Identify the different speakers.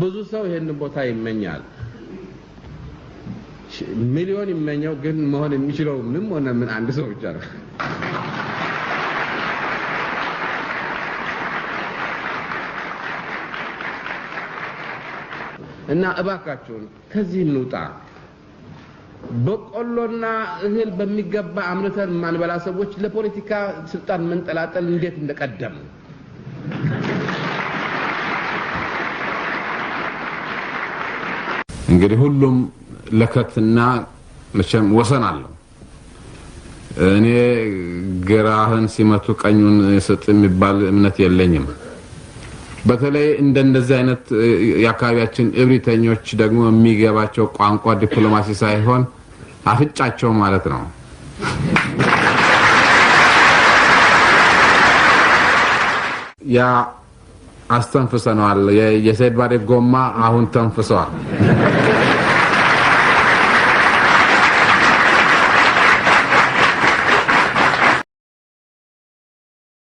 Speaker 1: ብዙ ሰው ይህን ቦታ ይመኛል። ሚሊዮን ይመኘው፣ ግን መሆን የሚችለው ምንም ሆነ ምን አንድ ሰው ብቻ ነው። እና እባካችሁን ከዚህ እንውጣ። በቆሎና እህል በሚገባ አምርተን ማንበላ ሰዎች ለፖለቲካ ስልጣን መንጠላጠል እንዴት እንደቀደም እንግዲህ ሁሉም ለከትና መቼም ወሰን አለው። እኔ ግራህን ሲመቱ ቀኙን ስጥ የሚባል እምነት የለኝም። በተለይ እንደዚህ አይነት የአካባቢያችን እብሪተኞች ደግሞ የሚገባቸው ቋንቋ ዲፕሎማሲ ሳይሆን አፍጫቸው ማለት ነው። ያ አስተንፍሰነዋል። የሴድ ባሬ ጎማ አሁን ተንፍሰዋል።